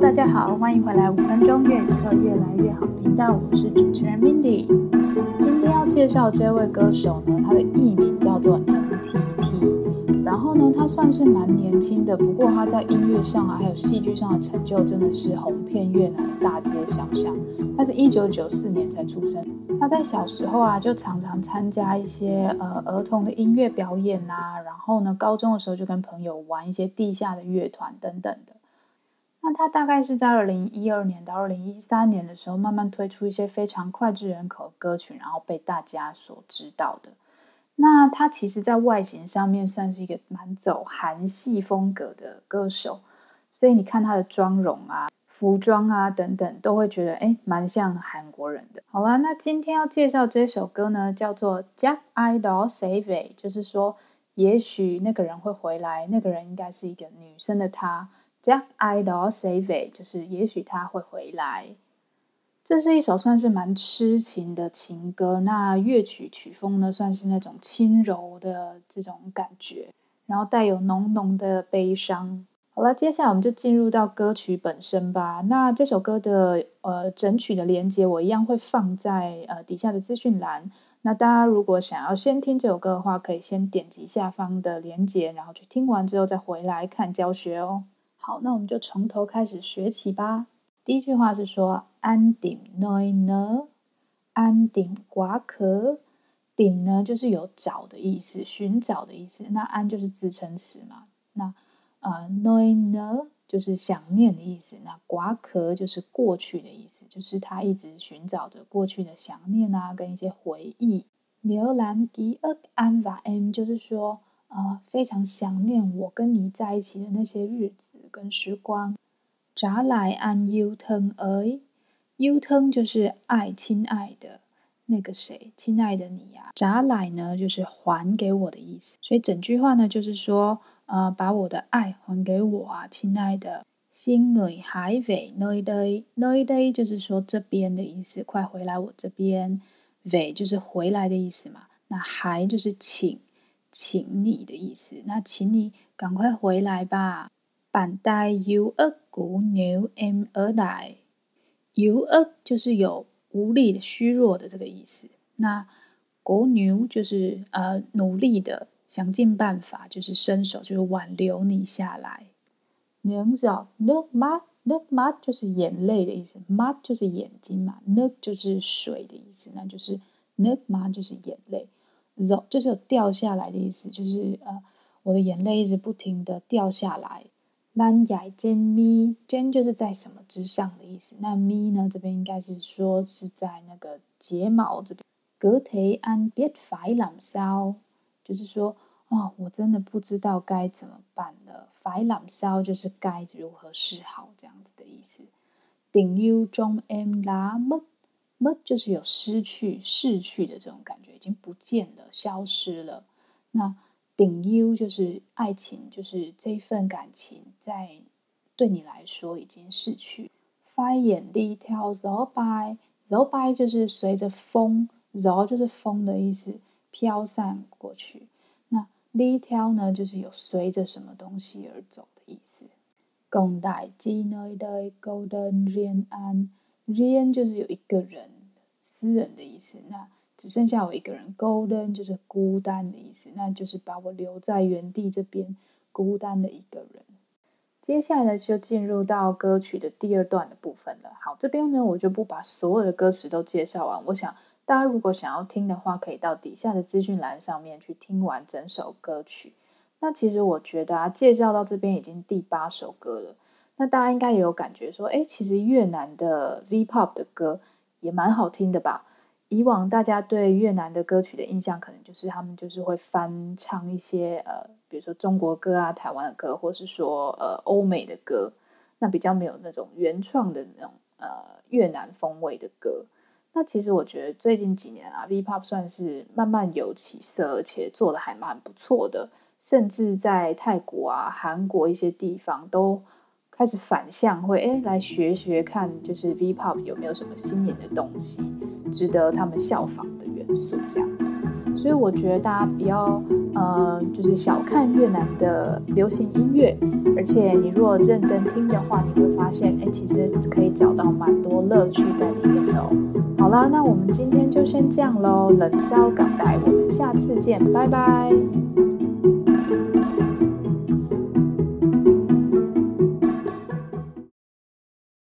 大家好，歡迎回來五分鐘越語課，越來越好頻道，我是主持人 Mindy。今天要介紹這位歌手呢，他的藝名叫做 M-TP。然後呢，他算是蠻年輕的，不過他在音樂上啊，還有戲劇上的成就，真的是紅遍越南的大街小巷。他是一九九四年才出生，他在小時候啊，就常常參加一些呃兒童的音樂表演啊，然後呢，高中的時候就跟朋友玩一些地下的樂團等等的。那他大概是在二零一二年到二零一三年的時候，慢慢推出一些非常膾炙人口的歌曲，然後被大家所知道的。那他其實，在外形上面算是一個蠻走韓系風格的歌手，所以你看他的妝容啊、服裝啊等等，都會覺得誒，蠻像韓國人的。好啦。那今天要介紹這首歌呢，叫做《Chắc Ai Đó Sẽ Về》，就是說，也許那個人會回來，那個人應該是一個女生的她。Chắc Ai Đó Sẽ Về，就是也許他會回來。這是一首算是蠻痴情的情歌。那樂曲曲風呢，算是那種輕柔的這種感覺，然後帶有濃濃的悲傷。好了，接下來我們就進入到歌曲本身吧。那這首歌的呃整曲的連結，我一樣會放在呃底下的資訊欄。那大家如果想要先聽這首歌的話，可以先點擊下方的連結，然後去聽完之後再回來看教學哦。好，那我們就從頭開始學起吧。第一句話是說，安頂 noi ne，安頂瓜殼，頂呢就是有找的意思，尋找的意思。那安就是自稱詞嘛。那呃 noi ne 就是想念的意思。那“瓜殼”就是過去的意思，就是他一直尋找着過去的想念啊，跟一些回憶。劉蘭 gi e 安 va m 就是說，呃，非常想念我跟你在一起的那些日子。跟時光，咋來安 u 騰哎？u 騰就是愛，親愛的那個誰，親愛的你呀，啊。咋來呢？就是還給我的意思。所以整句話呢，就是說，呃，把我的愛還給我啊，親愛的。心女，孩女，還尾，noi day，noi day 就是說這邊的意思，快回來我這邊。尾就是回來的意思嘛。那還就是請，請你的意思。那請你趕快回來吧。板帶尤二古牛，m 二帶 u 二就是有無力的、虛弱的這個意思。那古牛就是呃努力的，想盡辦法就是伸手，就是挽留你下來。眼角 n u ma n u ma 就是眼淚的意思，ma 就是眼睛嘛，n u 就是水的意思，那就是 n u ma 就是眼淚，z 就是有掉下來的意思，就是呃我的眼淚一直不停的掉下來。蘭牙尖咪尖，就是在什麼之上的意思，那咪呢？這邊應該是說是在那個睫毛這邊。隔腿按別 day 就是說，哦，我真的不知道該怎麼辦了。f i n 就是該如何是好這樣子的意思。頂 U 中 M 拉麼麼，就是有失去、逝去的這種感覺，已經不見了、消失了。那頂優就是愛情，就是這份感情，在對你來說已經逝去。發言第一條 n d e t a i l by 走 by 就是隨着風，走就是風的意思，飄散過去。那 d e t a i l 呢，就是有隨着什麼東西而走的意思。g 帶 l d e n golden, g o d e n and, a n 就是有一個人，私人的意思。那只剩下我一個人，Golden 就是孤單的意思，那就是把我留在原地這邊孤單的一個人。接下來呢，就進入到歌曲的第二段的部分了。好，這邊呢，我就不把所有的歌詞都介紹完。我想大家如果想要聽的話，可以到底下的資訊欄上面去聽完整首歌曲。那其實我覺得啊，介紹到這邊已經第八首歌了。那大家應該也有感覺說，誒，其實越南的 V-pop 的歌也蠻好聽的吧？以往大家對越南的歌曲的印象，可能就是他們就是會翻唱一些呃，比如說中國歌啊、台灣的歌，或是說呃歐美的歌，那比較沒有那種原創的那種呃越南風味的歌。那其實我覺得最近幾年啊，V-Pop 算是慢慢有起色，而且做得還蠻不錯的，甚至在泰國啊、韓國一些地方都。開始反向會誒、欸、來學學看，就是 V-pop 有沒有什麼新穎的東西，值得他們效仿的元素這樣子。所以我覺得大家不要呃，就是小看越南的流行音樂，而且你如果認真聽的話，你會發現誒、欸，其實可以找到蠻多樂趣在裡面的哦。好啦，那我們今天就先這樣嘍，冷宵港帶我們下次見，拜拜。